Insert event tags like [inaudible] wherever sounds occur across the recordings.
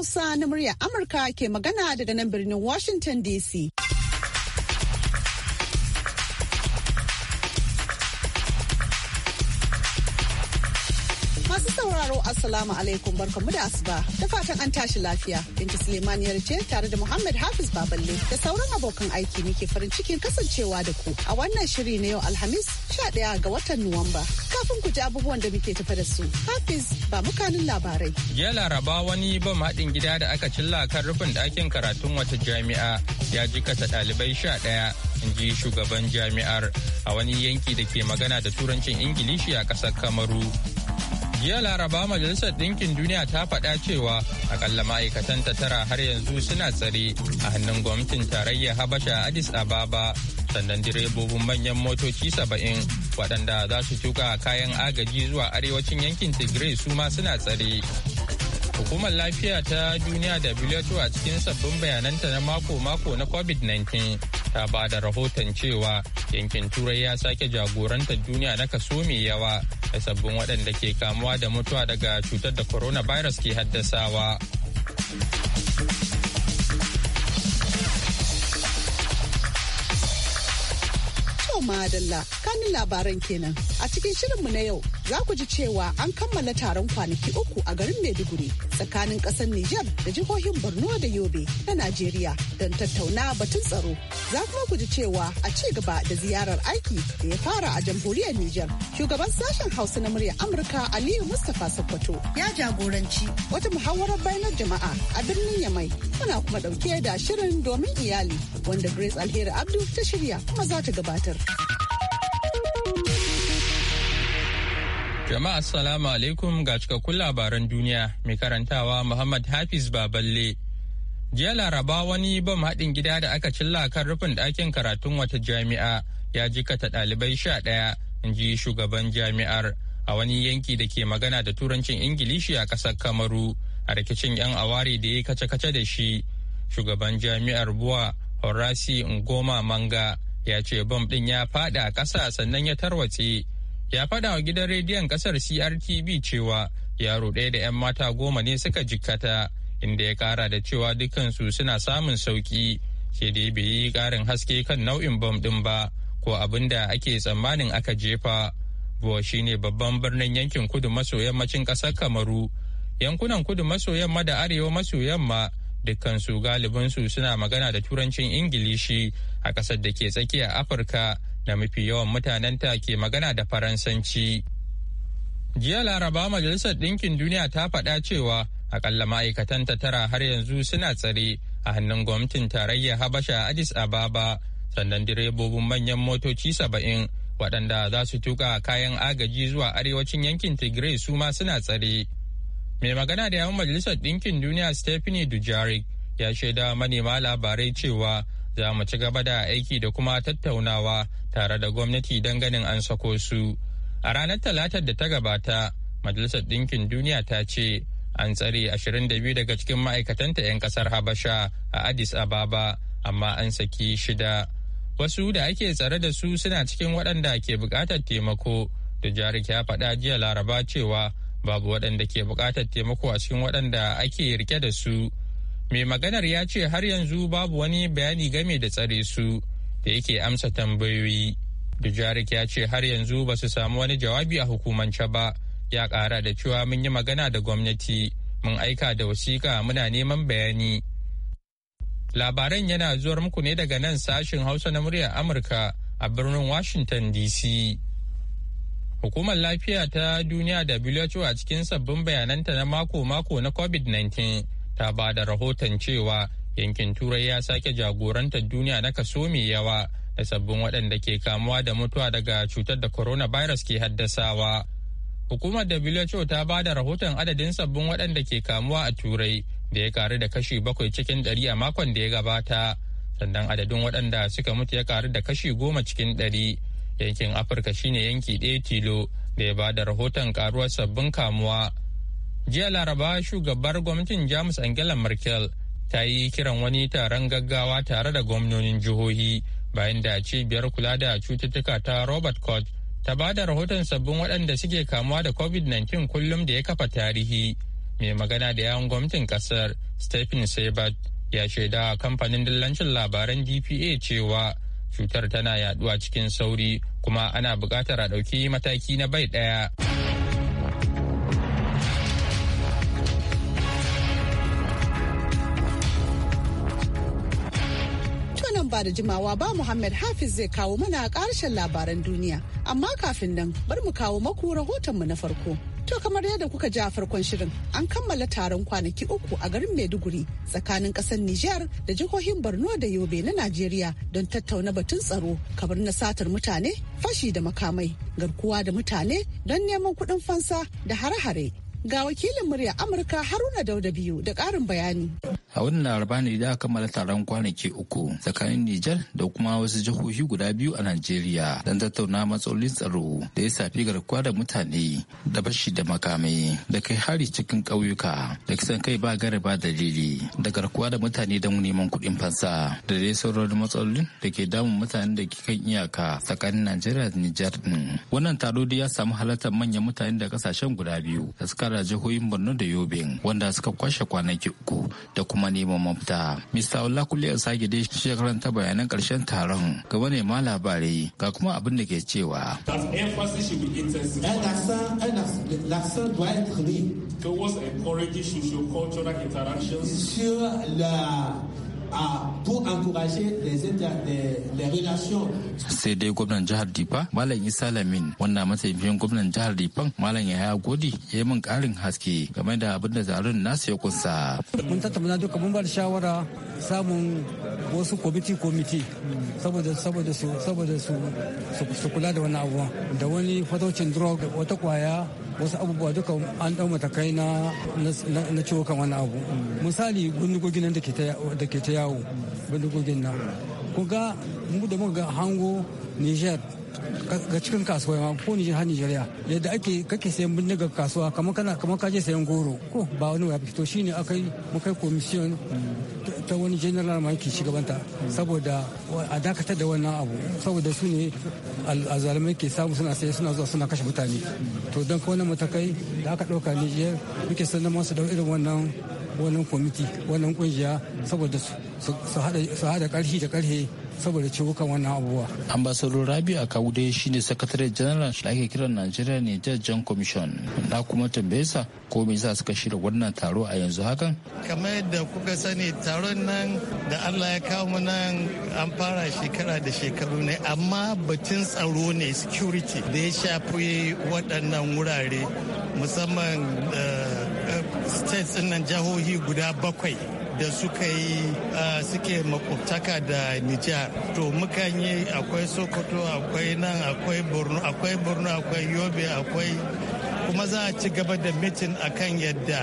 Hausa na murya Amurka ke magana daga nan birnin Washington DC. Assalamu alaikum barkamu da asuba da fatan an tashi lafiya. Binta Suleiman ce tare da Muhammad Hafiz Baballe da sauran abokan aiki muke farin cikin kasancewa da ku a wannan shiri na yau Alhamis 11 ga watan Nuwamba. Kafin ku ji abubuwan da muke tafa da su, Hafiz ba mukanin labarai. Ya laraba wani ban haɗin gida da aka cilla kan rufin ɗakin karatun wata jami'a ya jikata ɗalibai sha ɗaya in ji shugaban jami'ar a wani yanki da ke magana da turancin Ingilishi a ƙasar Kamaru. jiya laraba majalisar ɗinkin duniya ta faɗa cewa akalla ma'aikatan ta tara har yanzu suna tsare a hannun gwamnatin tarayyar habasha addis ababa sannan direbobin manyan motoci saba'in waɗanda za su tuka kayan agaji zuwa arewacin yankin tigray su ma suna tsare Hukumar lafiya ta duniya WHO a cikin sabbin bayananta na mako-mako na COVID-19 ta ba da rahoton cewa yankin Turai ya sake jagorantar duniya na kaso mai yawa da sabbin waɗanda ke kamuwa da mutuwa daga cutar da coronavirus ke haddasawa. ma dalla kanin labaran kenan. A cikin shirinmu na yau za ku ji cewa an kammala taron kwanaki uku a garin Maiduguri tsakanin ƙasar Nijar da jihohin Borno da Yobe na Najeriya don tattauna batun tsaro. Za kuma ku ji cewa a ci gaba da ziyarar aiki da ya fara a jamhuriyar Nijar. Shugaban sashen Hausa na murya Amurka Aliyu Mustapha Sokoto ya jagoranci wata muhawarar bayanar jama'a a birnin Yamai. Muna kuma ɗauke da shirin domin iyali wanda Grace Alheri Abdu ta shirya kuma za ta gabatar. Jama'a assalamu alaikum ga cikakkun labaran duniya mai karantawa Muhammad Hafiz Baballe. Jiya Laraba wani bam haɗin gida da aka cilla kan rufin ɗakin karatun wata jami'a ya jikata ɗalibai sha ɗaya in ji shugaban jami'ar a wani yanki da ke magana da turancin Ingilishi a ƙasar Kamaru a rikicin 'yan awari da ya kace-kace da shi. Shugaban jami'ar Buwa Horasi Ngoma Manga ya ce bom ɗin ya faɗa ƙasa sannan ya tarwatse ya faɗa wa gidan rediyon ƙasar crtb cewa yaro ɗaya da 'yan mata goma ne suka jikkata inda ya ƙara da cewa dukansu suna samun sauƙi sai dai bai yi ƙarin haske kan nau'in bom ɗin ba ko abin da ake tsammanin aka jefa buwa shine babban birnin yankin kudu maso yammacin ƙasar kamaru yankunan kudu maso yamma da arewa maso yamma dukkansu galibinsu suna magana da turancin ingilishi a ƙasar da ke tsakiya afirka da mafi yawan mutanenta ke magana da faransanci jiya laraba majalisar ɗinkin duniya ta faɗa cewa akalla ta tara har yanzu suna tsare a hannun gwamnatin tarayyar habasha addis ababa sannan direbobin manyan motoci saba'in waɗanda za su tuka kayan agaji zuwa arewacin yankin tigray su ma suna tsare mai magana da yawan majalisar ɗinkin duniya stephanie dujarric ya shaida manema labarai cewa za mu ci gaba da aiki da kuma tattaunawa tare da gwamnati don ganin an sako su a ranar talatar da ta gabata majalisar ɗinkin duniya ta ce an tsare 22 daga cikin ma'aikatanta 'yan kasar habasha a addis ababa amma an saki shida wasu da ake tsare da su suna cikin waɗanda ke buƙatar taimako da ya faɗa jiya laraba cewa babu waɗanda ke buƙatar taimako a cikin waɗanda ake rike da su mai maganar ya ce har yanzu babu wani bayani game da tsare su da yake amsa tambayoyi dujarik ya ce har yanzu ba su samu wani jawabi a hukumance ba ya ƙara da cewa mun yi magana da gwamnati mun aika da wasiƙa muna neman bayani labaran yana zuwar muku ne daga nan sashin hausa na muryar amurka a birnin washington dc Hukumar lafiya ta duniya da WHO a cikin sabbin bayananta na mako-mako na COVID-19 ta ba da rahoton cewa yankin Turai ya sake jagorantar duniya na kaso mai yawa da sabbin waɗanda ke kamuwa da mutuwa daga cutar da coronavirus ke haddasawa. Hukumar WHO ta ba da rahoton adadin sabbin waɗanda ke kamuwa a Turai da ya karu da kashi bakwai cikin ɗari a makon da ya gabata, sannan adadin waɗanda suka mutu ya karu da kashi goma cikin ɗari. yankin afirka shine yanki ɗaya tilo da ya bada rahoton karuwar sabbin kamuwa jiya laraba shugabar gwamnatin jamus angela merkel ta yi kiran wani taron gaggawa tare da gwamnonin jihohi bayan da cibiyar kula da cututtuka ta robert koch ta ba da rahoton sabbin waɗanda suke kamuwa da covid-19 kullum da ya kafa tarihi mai magana da yawon gwamnatin kasar stephen sebert ya shaida kamfanin dillancin labaran dpa cewa cutar tana yaduwa cikin sauri kuma ana buƙatar a ɗauki mataki na bai ɗaya. ba da jimawa ba Muhammad Hafiz zai kawo mana ƙarshen labaran duniya. Amma kafin nan, bar mu kawo maku rahotonmu na farko. To kamar yadda kuka ji a farkon shirin an kammala taron kwanaki uku a garin Maiduguri tsakanin kasar Nijar da jihohin Borno da Yobe na Najeriya don tattauna batun tsaro kamar na satar mutane, fashi da makamai, garkuwa da mutane don neman kuɗin fansa da hare-hare Ga wakilin murya Amurka Haruna Dauda biyu da karin bayani. A wannan laraba ne da aka kammala taron kwanaki uku tsakanin Nijar da kuma wasu jihohi guda biyu a Najeriya don tattauna matsalolin tsaro da ya safi garkuwa da mutane da bashi da makamai da kai hari cikin kauyuka da kisan kai ba gare ba dalili da garkuwa da mutane don neman kuɗin fansa da dai sauran matsalolin da ke damun mutanen da ke kan iyaka tsakanin Najeriya da Nijar din. Wannan taro da ya samu halartar manyan mutane da kasashen guda biyu da suka kara jihohin borno da yobin wanda suka kwashe kwanaki uku da kuma neman mafita mr olakule sake dai shi ta bayanan karshen taron gaba ne ma labarai ga kuma abin da ke cewa eh, eh, towards la a les, les, relations. Sai dai gwamnan jihar dipa Malam Isa Lamin wannan mataimakin gwamnan jihar Difan Malam Yahaya Godi ya yi min karin haske game da abin da zarin nasu ya kunsa. Mun tattauna duka mun ba da shawara samun wasu komiti komiti saboda saboda su saboda su su kula da wani abuwa da wani fatocin drug wata kwaya wasu abubuwa duka an dau matakai na na ciwo kan wani abu misali gundugogi nan da ke ta yawo bindigogin nan ku ga mu da muka ga hango niger ga cikin kasuwa ma ko niger har nigeria yadda ake kake sayan bindiga kasuwa kamar kana kamar ka je sayan goro ko ba wani ya fito shine akai mukai commission ta wani general ma yake shugabanta saboda a dakatar da wannan abu saboda su ne azalumai ke samu suna sai suna zuwa suna kashe mutane to don ka wannan matakai da aka ɗauka niger muke sanar masu da irin wannan wannan kwamiti wannan kungiya saboda su hada karfi da karhe saboda ciwukan wannan abubuwa. ambasador rabi a kawude shi ne sakatare general da ake kiran najeriya ne jajjan commission na kuma tambayesa ko me yasa suka shirya wannan taro a yanzu hakan kamar yadda kuka sani taron nan da allah ya kawo mu nan an fara shekara da shekaru ne amma batun tsaro ne security da ya shafi waɗannan wurare musamman eh, states nan jihohi guda bakwai da suka yi ah, suke makwabtaka da Nijar. To muka yi akwai Sokoto, akwai nan, akwai Borno, akwai Borno, akwai Yobe, akwai kuma za a ci gaba da mitin akan yadda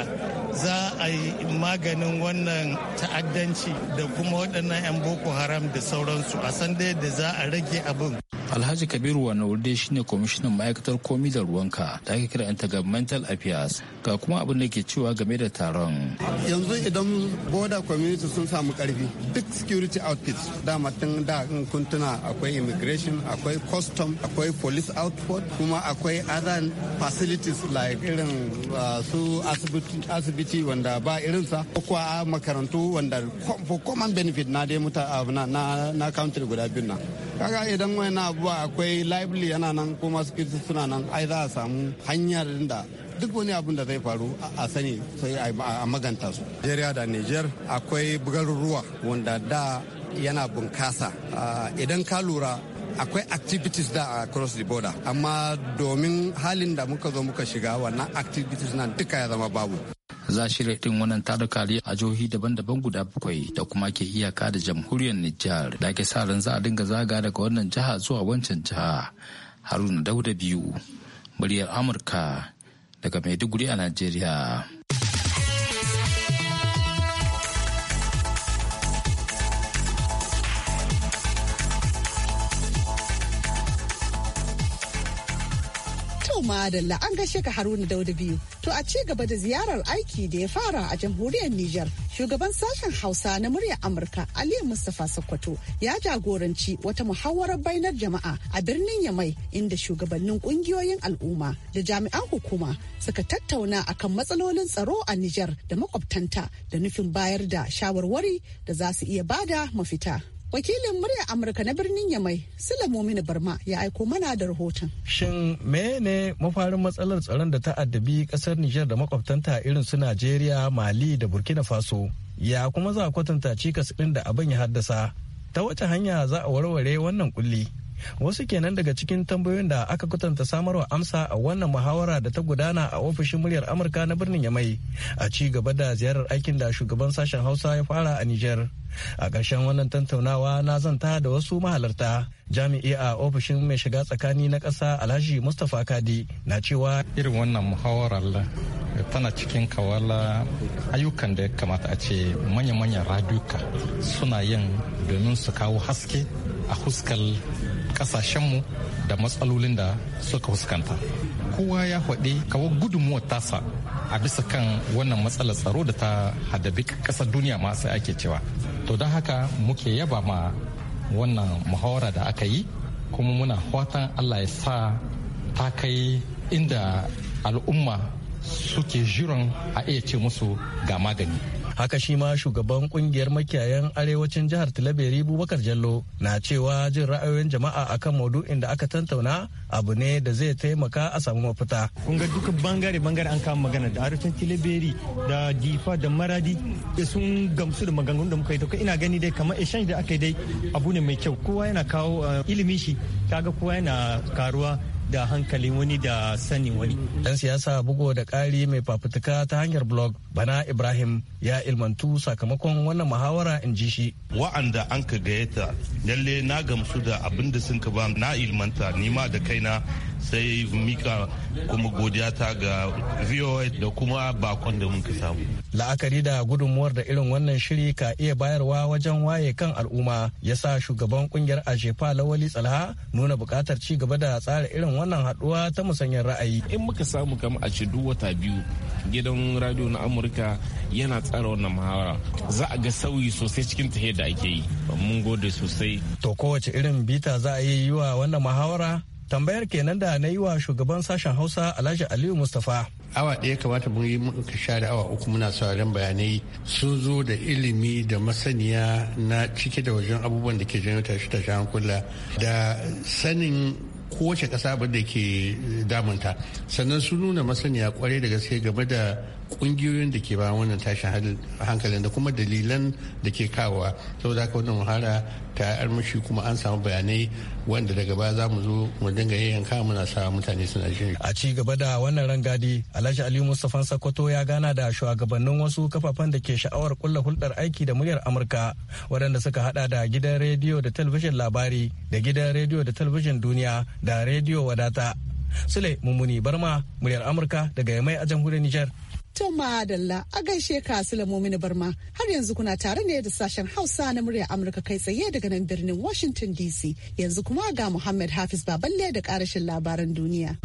za a yi maganin wannan ta'addanci da kuma waɗannan 'yan boko haram da sauransu a san da za a rage abin. alhaji kabiru wa shi shine kwamishinan ma'aikatar komi da ruwanka da ake kira intergovernmental affairs ga kuma abin da ke cewa game da taron yanzu idan border community sun samu karfi duk security outfits dama tun da in kuntuna akwai immigration akwai custom akwai police outfit kuma akwai other facilities like irin uh, su asibiti wanda ba irin sa ko a makarantu wanda for common benefit na dai mutane uh, na country guda biyu na kaga idan wani abubuwa akwai lively yana nan kuma suna nan ai za a samu hanyar da duk wani abun da zai faru a sani sai a maganta su. Nigeria da Niger akwai bugar ruwa wanda da yana bunkasa idan ka lura akwai activities da across the border amma domin halin da muka zo muka shiga wannan activities nan duka ya zama babu. za a shirya din wannan taruka a jihohi daban-daban guda bakwai da kuma ke iyaka da jamhuriyar Nijar da ke sa ran za a dinga zaga daga wannan jiha zuwa wancan jiha. Haruna Dauda biyu, muryar Amurka daga Maiduguri a Najeriya. To madalla an gaishe ka Haruna Dauda biyu. To a ci gaba da ziyarar aiki da ya fara a jamhuriyar niger shugaban sashen Hausa na muryar Amurka Aliyu Mustapha Sokoto ya jagoranci wata muhawarar bainar jama'a a birnin Yamai inda shugabannin kungiyoyin al'umma da jami'an hukuma suka tattauna akan matsalolin tsaro a niger da makwabtanta da nufin bayar da shawarwari da za su iya bada mafita. wakilin murya amurka na birnin yamai momini barma ya aiko mana da rahoton shin mene mafarin matsalar tsaron da ta addabi kasar niger da makwabtanta irin su najeriya mali da burkina faso ya kuma za a kwatanta cikas din da abin ya haddasa ta wace hanya za a warware wannan kulli wasu kenan daga cikin tambayoyin da aka kwatanta samarwa amsa a wannan muhawara da ta gudana a ofishin muryar amurka na birnin yamai a ci gaba da ziyarar aikin da shugaban sashen hausa ya fara a niger a ƙarshen wannan tantaunawa na zanta da wasu mahalarta jami'i a ofishin mai shiga tsakani na ƙasa alhaji mustapha kadi na cewa irin wannan muhawarar tana cikin kawala ayyukan da ya kamata a ce manya-manyan raduka suna yin domin su kawo haske a huskar kasashenmu da matsalolin da suka fuskanta kowa ya faɗi kawo gudunmuwar tasa a bisa kan wannan matsalar tsaro da ta haddabi ƙasar duniya ma sai ake cewa to don haka muke yaba ma wannan muhawara da aka yi kuma muna fatan allah ya sa ta kai inda al'umma suke jiran a iya ce musu ga magani haka shi ma shugaban kungiyar makiyayan arewacin jihar tilaberi bubakar jallo na cewa jin ra'ayoyin jama'a akan maudu'in da aka tantauna abu ne da zai taimaka a samu mafita kungar duka bangare bangare an kama magana da arewacin tilaberi da difa da maradi da sun gamsu da maganganun da muka yi ina gani dai kamar exchange da aka yi dai abu ne mai kyau kowa yana kawo eh, ilimi shi kaga kowa yana karuwa da hankalin wani da sanin wani. Dan siyasa bugo da ƙari mai fafutuka ta hanyar blog bana Ibrahim ya ilmantu sakamakon wannan muhawara in ji shi. Wa'anda an ka gayyata lalle na gamsu da abin da sun ka ba na ilmanta nima da kaina sai mika kuma godiya ta ga voa da kuma bakon da muka samu la'akari da gudunmuwar da irin wannan shiri ka iya bayarwa wajen waye kan al'umma ya sa shugaban kungiyar ajefa lawali tsalha nuna bukatar ci gaba da tsara irin wannan haduwa ta musanyar ra'ayi in muka samu kama a ce duk wata biyu gidan radio na amurka yana tsara wannan muhawara za a ga sauyi sosai cikin tahiyar da ake yi mun gode sosai to kowace irin bita za a yi wa wannan muhawara tambayar kenan da na yi wa shugaban sashen hausa alhaji aliyu mustapha awa ɗaya kamata mun yi muka sha da awa uku muna sauraron bayanai sun zo da ilimi da masaniya na cike da wajen abubuwan da ke janyo tashi tashi hankula da sanin kowace ƙasa abin da ke damunta sannan sun nuna masaniya kwarai da gaske game da kungiyoyin da ke ba wannan tashin hankalin da kuma dalilan da ke kawowa saboda haka wannan muhara ta armashi kuma an samu bayanai wanda daga baya za mu zo mu dinga kawo muna sa mutane suna jin a ci gaba da wannan rangadi alhaji aliyu mustafan sakkwato ya gana da shugabannin wasu kafafen da ke sha'awar kulla hulɗar aiki da muryar amurka waɗanda suka haɗa da gidan rediyo da talabijin labari da gidan rediyo da talabijin duniya da rediyo wadata sule mummuni barma muryar amurka daga yamai a jamhuriyar nijar. To madalla a gaishe ka Muminu Barma har yanzu kuna tare ne da sashen Hausa na murya Amurka kai tsaye daga nan birnin Washington DC yanzu kuma ga Muhammad Hafiz Baballe da karashin labaran duniya.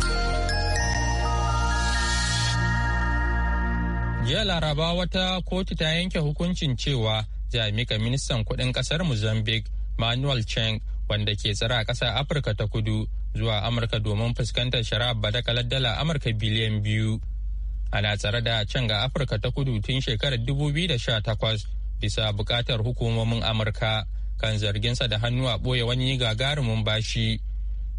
Jiya Laraba wata kotu ta yanke hukuncin cewa jami'a ministan kudin kasar Mozambique Manuel Cheng wanda ke tsara kasar Afirka ta kudu zuwa Amurka domin fuskantar da badakalar dala Amurka biliyan biyu. ana tsare da can ga afirka ta kudu tun shekarar 2018 bisa bukatar hukumomin amurka kan zarginsa da hannu a ɓoye wani gagarumin bashi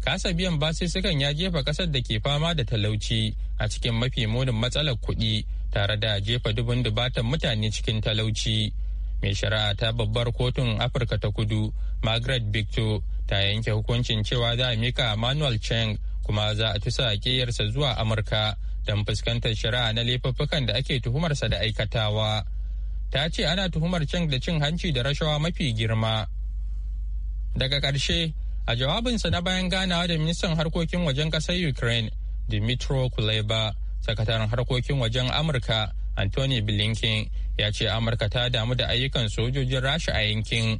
kasa biyan basussukan ya jefa ƙasar da ke fama da talauci a cikin mafi munin matsalar kuɗi tare da jefa dubun dubatan mutane cikin talauci mai shari'a ta babbar kotun afirka ta kudu margaret victor ta yanke hukuncin cewa za a mika manuel cheng kuma za a tusa ƙeyarsa zuwa amurka don fuskantar shari'a na laifuffukan da ake tuhumarsa da aikatawa ta ce ana tuhumar cin da cin hanci da rashawa mafi girma daga ƙarshe a jawabinsa na bayan ganawa da ministan harkokin wajen ƙasar ukraine dimitro kuleba sakataren harkokin wajen amurka anthony blinken ya ce amurka ta damu da ayyukan sojojin rasha a yankin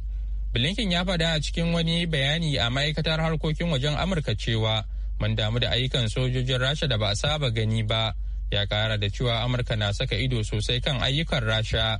blinken ya faɗa a cikin wani bayani a ma'aikatar harkokin wajen amurka cewa mun damu da ayyukan sojojin rasha da ba a saba gani ba ya kara da cewa amurka na saka ido sosai kan ayyukan rasha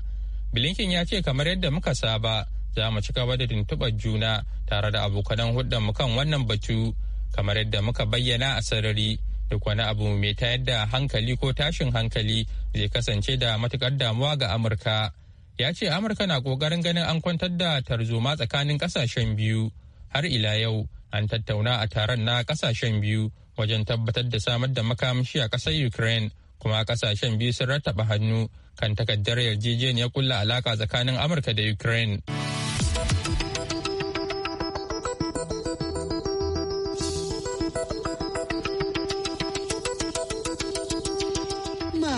bilinkin ya ce kamar yadda muka saba za mu ci gaba da tuntuɓar juna tare da abokanan mu kan wannan batu kamar yadda muka bayyana a sarari duk wani abu mai tayar da hankali ko tashin hankali zai kasance da matukar damuwa ga amurka ya ce amurka na kokarin ganin an kwantar da tarzoma tsakanin ƙasashen biyu har ila yau an tattauna a taron na kasashen biyu wajen tabbatar da samar da makamashi a ƙasar ukraine kuma kasashen biyu sun rattaba hannu kan takaddar yarjejeniyar kulla alaka tsakanin amurka da ukraine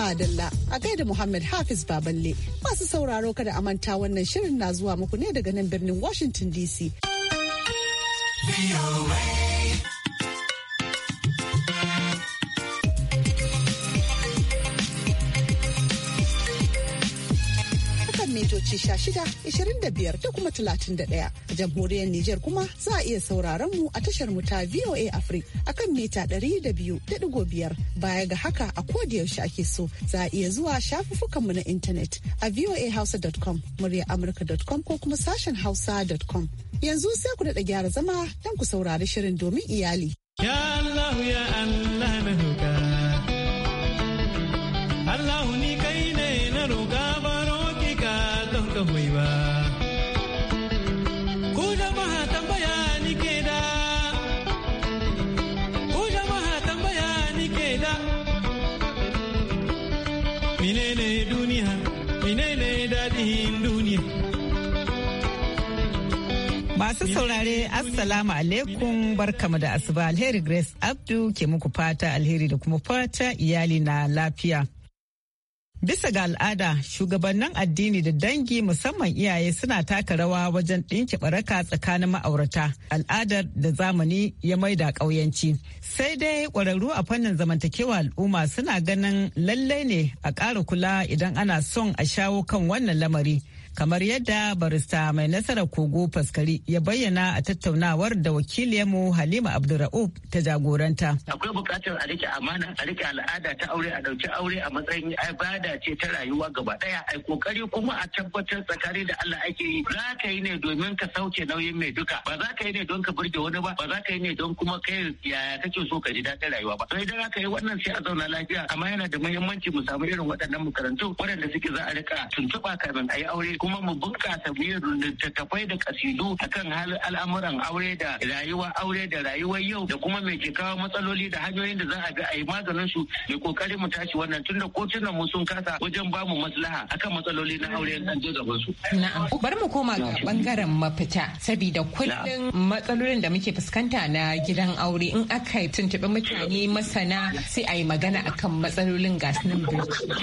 Adalla a da Muhammad Hafiz Baballe masu sauraro kada a manta wannan shirin na zuwa muku ne daga nan birnin Washington DC. be away. mitoci 1625 da kuma 31 a jamhuriyar Nijar kuma za a iya sauraron mu a tashar mu ta VOA Africa akan mita 200.5 baya ga haka a yaushe ake so za a iya zuwa shafuffukan mu na intanet a voahausa.com murya amurka.com ko kuma sashen hausa.com yanzu sai ku daɗa gyara zama don ku saurari shirin domin iyali. Ya Allah ya Allah. Masu saurare Assalamu alaikum barkamu da asuba alheri Grace Abdu ke muku fata alheri da kuma fata iyali na lafiya. Bisa ga al'ada shugabannin addini da dangi musamman iyaye suna taka rawa wajen ɗinke ɓaraka tsakanin ma'aurata al'adar da zamani ya maida ƙauyanci. Sai dai ƙwararru a fannin zamantakewa al'umma suna ganin lallai ne a ƙara kula idan ana son a shawo kan wannan lamari. kamar yadda barista mai nasarar kogo faskari ya bayyana a tattaunawar da wakiliyarmu halima abdulra'ub ta jagoranta akwai bukatar a rike amana a rike al'ada ta aure a dauki aure a matsayin ibada ce ta rayuwa gaba daya ai kokari kuma a tabbatar tsakani da Allah ake yi za ka yi ne domin ka sauke nauyin mai duka ba za ka yi ne don ka burge wani ba ba za ka yi ne don kuma kai yaya kake so ka ji daɗin rayuwa ba sai idan aka yi wannan sai a zauna lafiya amma yana da muhimmanci mu samu irin waɗannan makarantu waɗanda suke za a rika tuntuɓa kafin a yi aure kuma mu bunkasa biyar littattafai da kasidu akan halin al'amuran aure da rayuwa aure da rayuwar yau da kuma mai ke kawo matsaloli da hanyoyin da za a bi a yi maganin su mai kokarin mu tashi wannan tun da kotunan mu sun kasa wajen bamu maslaha akan matsaloli na aure an je su. Na'am. Bar mu koma ga bangaren mafita sabida kullum matsalolin da muke fuskanta na gidan aure in aka tuntuɓi mutane masana sai a yi magana akan matsalolin gasu nan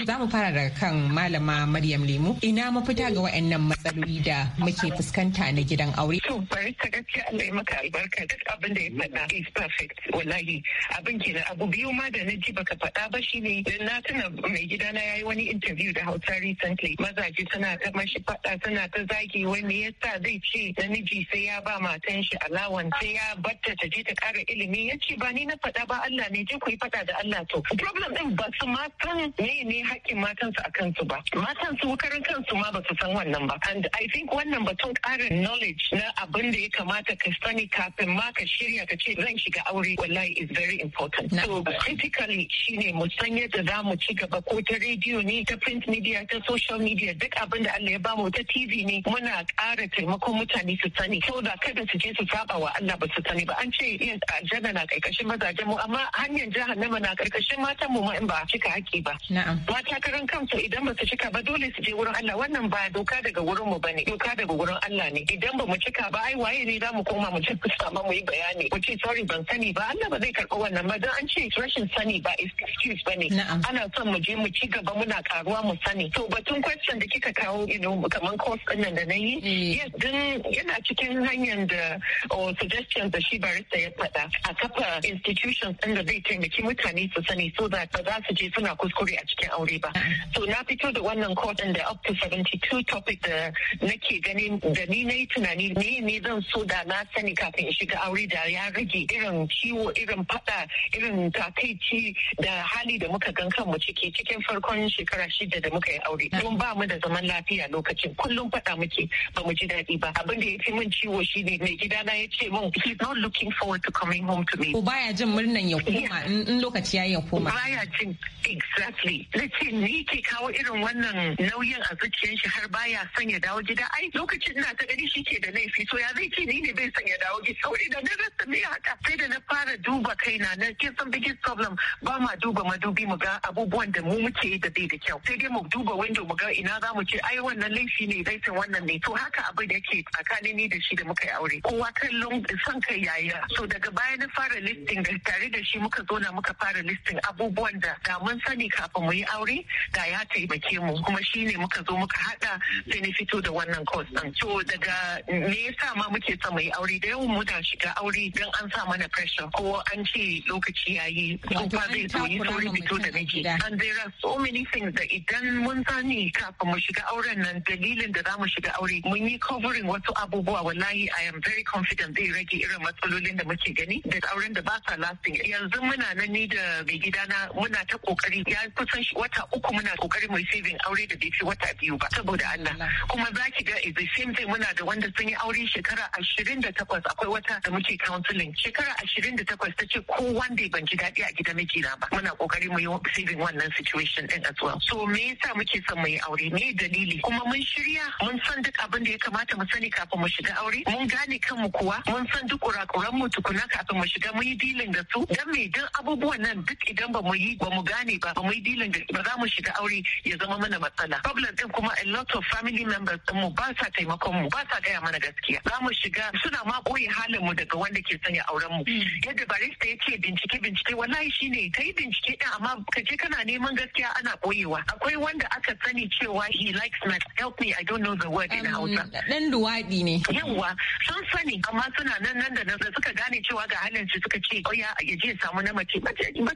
Za mu fara daga kan malama Maryam Lemu. Ina mafita ga waɗannan matsaloli da muke fuskanta na gidan aure. To bari ta gaske Allah ya maka albarka duk abin da ya faɗa is perfect wallahi abin kenan abu biyu ma da na ji baka faɗa ba shine dan na tuna mai gidana yi wani interview da Hausa recently mazaje suna ta mashi faɗa tana ta zagi wani me yasa zai ce namiji sai ya ba matan shi alawan sai ya batta ta je ta ƙara ilimi ya ce ba ni na faɗa ba Allah ne je ku yi faɗa da Allah to problem din ba su matan ne ne haƙƙin matansu a kansu ba matan su kansu ma ba su san wannan ba and i think wannan batun karin knowledge na abin da ya kamata ka sani kafin ma ka shirya ka ce zan shiga aure wallahi is very important so critically shine mu san yadda za mu ci gaba ko ta radio ne ta print media ta social media duk abin da Allah ya bamu ta TV ne muna ƙara taimakon mutane su sani so da kada su je su saba wa Allah ba su sani ba an ce yin aljanna na ƙarƙashin mazajen mu amma hanyar jahannama na ƙarƙashin matan mu ma in ba cika haƙƙi ba mata karan kansu idan ba su cika ba dole su je wurin Allah wannan ba doka daga wurin mu bane doka daga wurin Allah ne idan ba mu cika ba ai waye ne zamu koma mu ci fuska mu yi bayani mu ce sorry ban sani ba Allah ba zai karɓi wannan ba dan an ce rashin sani ba excuse bane ana son mu je mu ci gaba muna karuwa mu sani to batun question da kika kawo you know kaman course din nan da nayi eh. yes din yana cikin hanyar da or oh, suggestions da shi barista ya faɗa a kafa institutions din da zai taimaki mutane su sani so that ba za su je suna kuskure a cikin aure ba so na fito da wannan course din da up to 72 topic da nake ganin da ni na yi tunani ne ne zan so da na sani kafin shiga aure da ya rage irin ciwo irin fada irin takaici da hali da muka gan kanmu ciki cikin farkon shekara shida da muka yi aure mm. don ba mu da zaman lafiya lokacin kullum fada muke ba mu ji daɗi ba abin da ya fi min ciwo shine mai gida na ya ce min he's not looking forward to coming home to me ko baya jin murnan ya koma in lokaci ya yi koma baya jin exactly ce ni ke kawo irin wannan nauyin a zuciyar shi har ba baya sanya ya dawo gida ai lokacin ina ta gani shi ke da laifi to ya zai ce ni ne bai sanya ya dawo gida saboda da na rasa me haka sai da na fara duba kai na kin san biggest problem ba ma duba madubi mu ga abubuwan da mu muke da bai da kyau sai dai mu duba window mu ga ina za mu ce ai wannan laifi ne laifin wannan ne to haka abin da yake tsakanin ni da shi da muka yi aure kowa kallon son kai yaya so daga baya na fara listing da tare da shi muka zo na muka fara listing abubuwan da da mun sani kafin mu yi aure da ya taimake mu kuma shi ne muka zo muka haɗa. sai ni fito da wannan course din to daga me yasa ma muke son mu aure da yawan mu da shiga aure dan an sa mana pressure ko an ce lokaci yayi ko ba zai so yi sauri fito da miji and there are so many things da idan mun sani kafin mu shiga auren nan dalilin da zamu shiga aure mun yi covering wasu abubuwa wallahi i am very confident zai rage irin matsalolin da muke gani da auren da ba sa lasting yanzu muna nan ni da mai gidana muna ta kokari ya kusan wata uku muna kokari mu saving aure da bai fi wata biyu ba saboda nan kuma za ki ga the same thing muna da wanda sun yi aure shekara ashirin da takwas akwai wata da muke counseling shekara ashirin da takwas ta ce ko wanda ban ji daɗi a gida miki na ba muna kokari mu yi saving wannan situation din as well so me yasa muke son mu yi aure me dalili kuma mun shirya mun san duk abin da ya kamata mu sani kafin mu shiga aure mun gane kanmu kuwa mun san duk kurakuran mu tukuna kafin mu shiga mun yi dealing da su dan me dan abubuwan nan duk idan ba mu yi ba mu gane ba ba mu yi dealing da ba za mu shiga aure ya zama mana matsala problem din kuma a lot of family members din mu ba sa taimakon mu ba sa gaya mana gaskiya za mu shiga suna ma boye halin mu daga wanda ke sanya auren mu hmm. yadda barista ya ce bincike bincike wallahi shine kai bincike din amma ka kana neman gaskiya ana boyewa akwai wanda aka sani cewa he likes me help me I don't know the word in um, Hausa dan duwadi ne yawa sun sani amma suna nan nan da nan suka gane cewa ga halin su suka ce oya oh, ya je samu na mace ba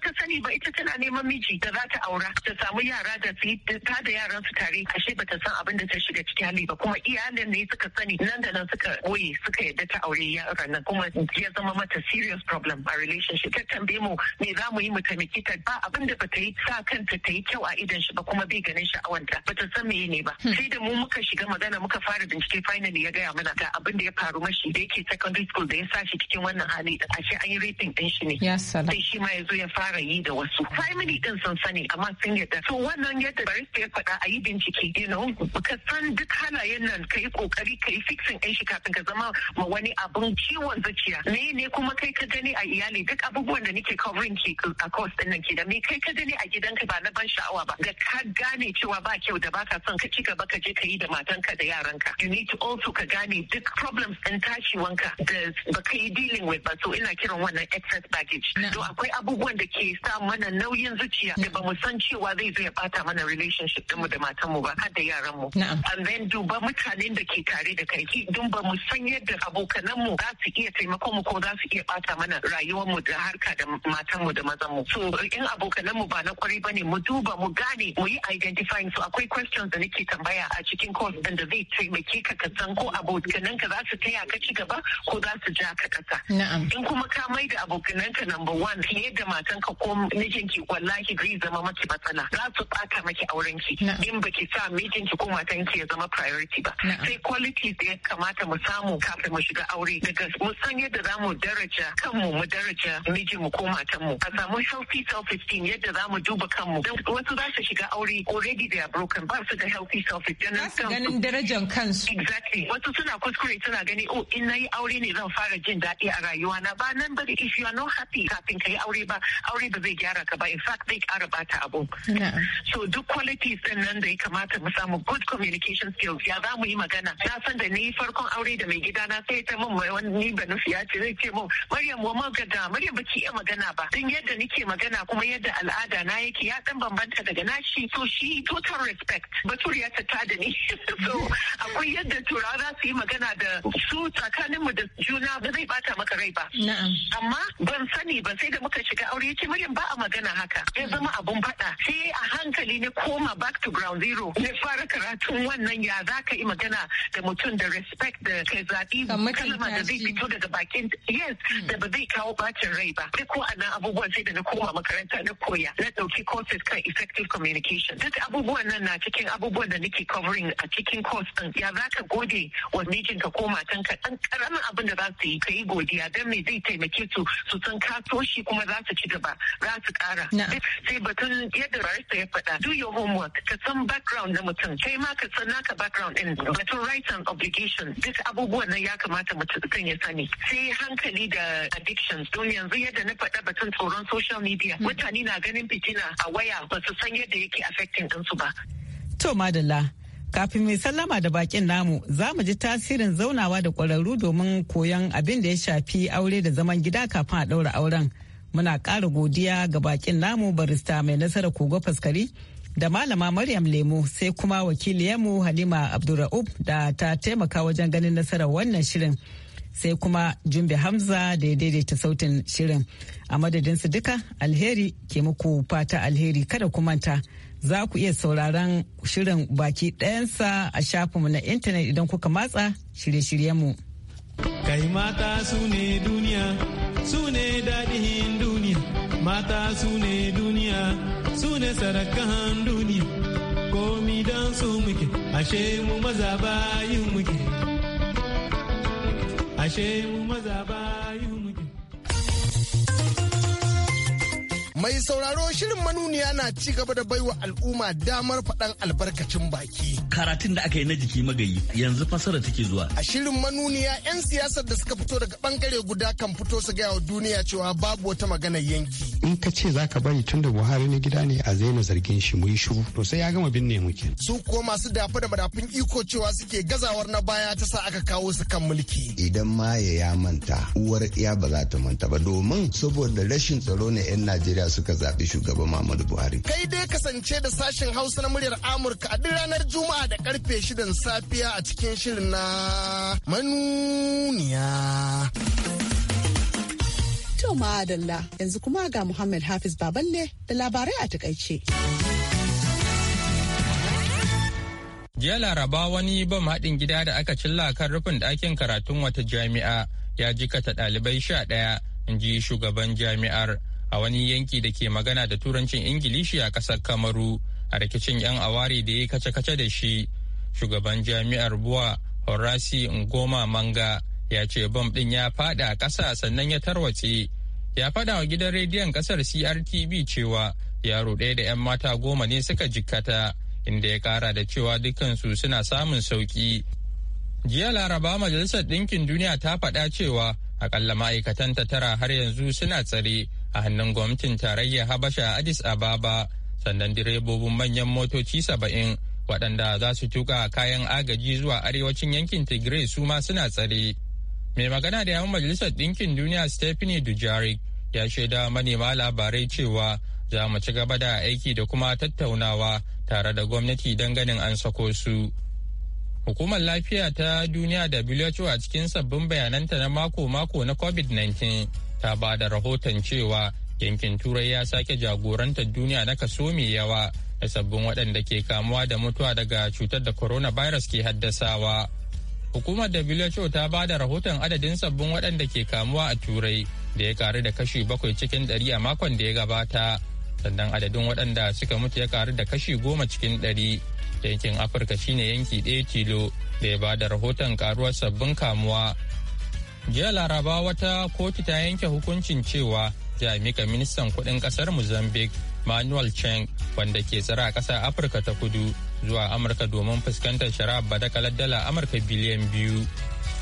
ta sani ba ita tana neman miji da za ta aura ta samu yara da su ta da yaran su tare ashe ba ta san abin da ta shiga cikin hali ba kuma iyalin ne suka sani nan da nan suka boye suka yadda ta aure yaran nan kuma ya zama mata serious problem a relationship ta tambaye mu me za mu yi mu taimaki ta ba abin da bata yi sa kanta ta yi kyau a idan shi ba kuma bai ganin sha'awanta bata san meye ne ba hmm. sai da mu muka shiga magana muka fara bincike finally ya gaya mana ga abin da ya faru mashi da yake secondary school da ya sa shi cikin wannan hali a ce an yi raping din shi ne sai shi ma ya zo ya fara yi da wasu family din sun sani amma sun yadda to wannan yadda barista ya faɗa a yi bincike you know ka san duk halayen nan ka yi kokari ka yi fixin ɗin shi kafin ka zama ma wani abun ciwon zuciya me ne kuma kai ka gani a iyali duk abubuwan da nake covering ki a course ɗin nan da me kai ka gani a gidanka ba na ban sha'awa ba ga ka gane cewa ba kyau da baka son ka ci gaba ka je ka yi da matanka da yaranka you need to also ka gane duk problems ɗin tashiwanka da baka yi dealing with ba so ina kiran wannan excess baggage to akwai abubuwan da ke sa mana nauyin zuciya da ba mu san cewa zai zo ya bata mana relationship ɗinmu da matanmu ba har da yaranmu Na'am. And then duba mutanen da ke tare da kai don ba mu san yadda abokanan mu za su iya taimako mu ko za su iya bata mana rayuwar mu da harka da matan mu da mazan mu. So in abokanan mu ba na kwari bane mu duba mu gane mu yi identifying so akwai questions da nake tambaya a cikin course din da zai taimake ka ka san ko abokanan ka za su taya ka ci gaba ko za su ja ka kasa. Na'am. In kuma ka mai da abokanan ka number one fiye da matan ka ko mijinki wallahi zai zama maki matsala za su bata maki aurenki in baki sa mijinki ko matan ya zama priority ba sai quality da ya kamata mu samu kafin mu shiga aure daga mu san yadda za mu daraja kanmu mu daraja mu ko mu. a samu healthy self esteem yadda za mu duba kanmu don wasu za su shiga aure already they are broken ba su da healthy self esteem ganin darajan kansu exactly wasu suna kuskure suna gani oh in na yi aure ne zan fara jin daɗi a rayuwa na ba nan ba if you are not happy kafin ka yi aure ba aure ba zai gyara ka ba in fact zai ƙara bata abu so duk qualities sannan nan da ya kamata mu samu good communication skills ya za mu yi magana na san da ni farkon aure da mai gidana sai ta min wani banufiya ce zai ce min maryam wa magana maryam ba ki iya magana ba don yadda nike magana kuma yadda al'ada na yake ya dan bambanta daga nashi so shi total respect baturiya ta ta da ni [laughs] so akwai yadda turawa za su yi magana da su tsakanin mu da juna ba zai bata maka rai ba amma ban sani ba sai da muka shiga aure yace maryam ba a magana haka ya zama abun faɗa sai a hankali ne koma back to ground zero na fara karatu cikin wannan ya za ka yi magana da mutum da respect da ka zaɓi kalma da zai fito daga bakin yes hmm. da ba zai kawo bacin rai ba sai ko anan abubuwan sai da na koma makaranta na koya na ɗauki courses kan effective communication duk abubuwan nan na cikin abubuwan da nake covering a cikin course din ya za ka gode wa mijinka ko matanka ɗan karamin abin da za su yi ka yi godiya don me zai taimake su su san kaso shi kuma za su ci gaba za su ƙara sai batun yadda barista ya faɗa do your homework ka san background na mutum kai ma naka san naka background din batun rights and obligations duk abubuwan nan ya kamata mutum ya sani sai hankali da addictions don yanzu yadda na faɗa batun tsoron social media hmm. mutane na ganin fitina a waya ba su san yadda yake affecting din su ba. To madalla Kafin mai sallama da bakin namu za mu ji tasirin zaunawa da kwararru domin koyon abin da ya shafi aure da zaman gida kafin a ɗaura auren. Muna ƙara godiya ga bakin namu barista mai nasara kogo faskari da malama Maryam Lemu sai kuma wakiliyarmu Halima Abdulra'ub da ta taimaka wajen ganin nasara wannan shirin. Sai kuma Jumbe Hamza da ya daidaita sautin shirin. A madadin su duka alheri ke muku fata alheri kada ku manta. Za ku iya sauraron shirin baki ɗayansa a shafinmu na intanet idan kuka matsa shirye-shiryenmu. Kai mata su ne duniya, su ne daɗin duniya, mata su ne duniya. su ne sarakan duniya komi don su muke ashe mu maza bayin muke ashe mu maza bayin Mai sauraro shirin manuniya na ci gaba da baiwa al'umma damar faɗan albarkacin baki. Karatun da aka yi na jiki magayi yanzu fasara take zuwa. A shirin manuniya 'yan siyasar da suka fito daga bangare guda kan fito su gaya wa duniya cewa babu wata magana yanki. In ka ce za ka bari tun da Buhari na gida ne a zaina zargin shi muyi shiru to sai ya gama binne muke. Su ko masu dafa da madafin iko cewa suke gazawar na baya ta sa aka kawo su kan mulki. Idan ma ya manta uwar iya ba za ta manta ba domin saboda rashin tsaro ne 'yan Najeriya suka zaɓi shugaban Muhammadu Buhari. Kai dai kasance da sashen Hausa na muryar Amurka a duk ranar Juma'a da karfe shidan safiya a cikin shirin na manuniya. To ma'adalla yanzu kuma ga Muhammad Hafiz Baballe da labarai a takaice. Jiya Laraba wani bam haɗin gida da aka cilla kan rufin ɗakin karatun wata jami'a ya jikata ɗalibai sha ɗaya, in ji shugaban jami'ar. a wani yanki da ke magana da turancin ingilishi a kasar kamaru a rikicin 'yan awari da ya kace-kace da shi shugaban jami'ar buwa horasi ngoma manga ya ce bom ɗin ya faɗi a ƙasa sannan ya tarwatse ya faɗa wa gidan rediyon ƙasar crtv cewa yaro ɗaya da 'yan mata goma ne suka jikkata inda ya ƙara da cewa dukansu suna samun sauƙi jiya laraba majalisar ɗinkin duniya ta faɗa cewa akalla ta tara har yanzu suna tsare a hannun gwamnatin tarayyar habasha addis ababa sannan direbobin manyan motoci saba'in waɗanda za su tuka kayan agaji zuwa arewacin yankin tigray su ma suna tsare mai magana da yawon majalisar ɗinkin duniya stephanie dujarric ya shaida manema labarai cewa za mu ci gaba da aiki da kuma tattaunawa tare da gwamnati don ganin an sako su Hukumar Lafiya ta Duniya da WHO a cikin sabbin bayananta na mako-mako na COVID-19 ta ba da rahoton cewa yankin turai ya sake jagorantar duniya na kaso mai yawa da sabbin waɗanda ke kamuwa da mutuwa daga cutar da coronavirus ke haddasawa hukumar who ta ba da rahoton adadin sabbin waɗanda ke kamuwa a turai da ya karu da kashi bakwai cikin ɗari a makon da ya gabata sannan adadin waɗanda suka mutu ya karu da kashi goma cikin ɗari yankin afirka shine yanki ɗaya tilo da ya ba da rahoton karuwar sabbin kamuwa jiya laraba wata kotu ta yanke hukuncin cewa jamika ministan kudin kasar mozambique manuel cheng wanda ke tsara ƙasar afirka ta kudu zuwa amurka domin fuskantar shari'a badakalar dala amurka biliyan biyu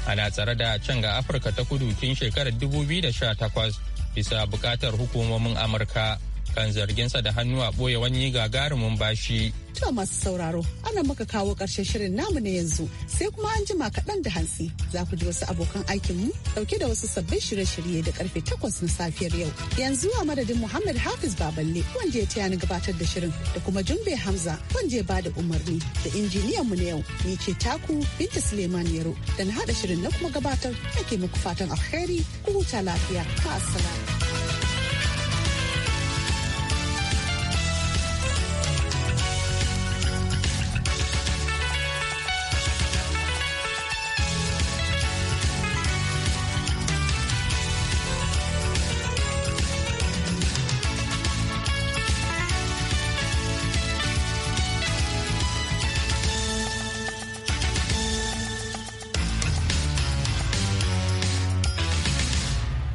ana tsare da can ga afirka ta kudu tun shekarar 2018 bisa bukatar hukumomin amurka kan zarginsa da hannu a ɓoye wani gagarumin bashi. To masu sauraro, ana maka kawo ƙarshen shirin namu na yanzu sai kuma an jima kaɗan da hantsi za ku ji wasu abokan aikinmu ɗauke da wasu sabbin shirye-shirye da karfe takwas na safiyar yau. Yanzu a madadin Muhammad Hafiz Baballe wanda ya taya ni gabatar da shirin da kuma Jumbe Hamza wanda ya ba da umarni da injiniyan mu na yau ni ce taku Binta Suleiman Yaro da na haɗa shirin na kuma gabatar ake muku fatan alheri ku huta lafiya. Ma'asala.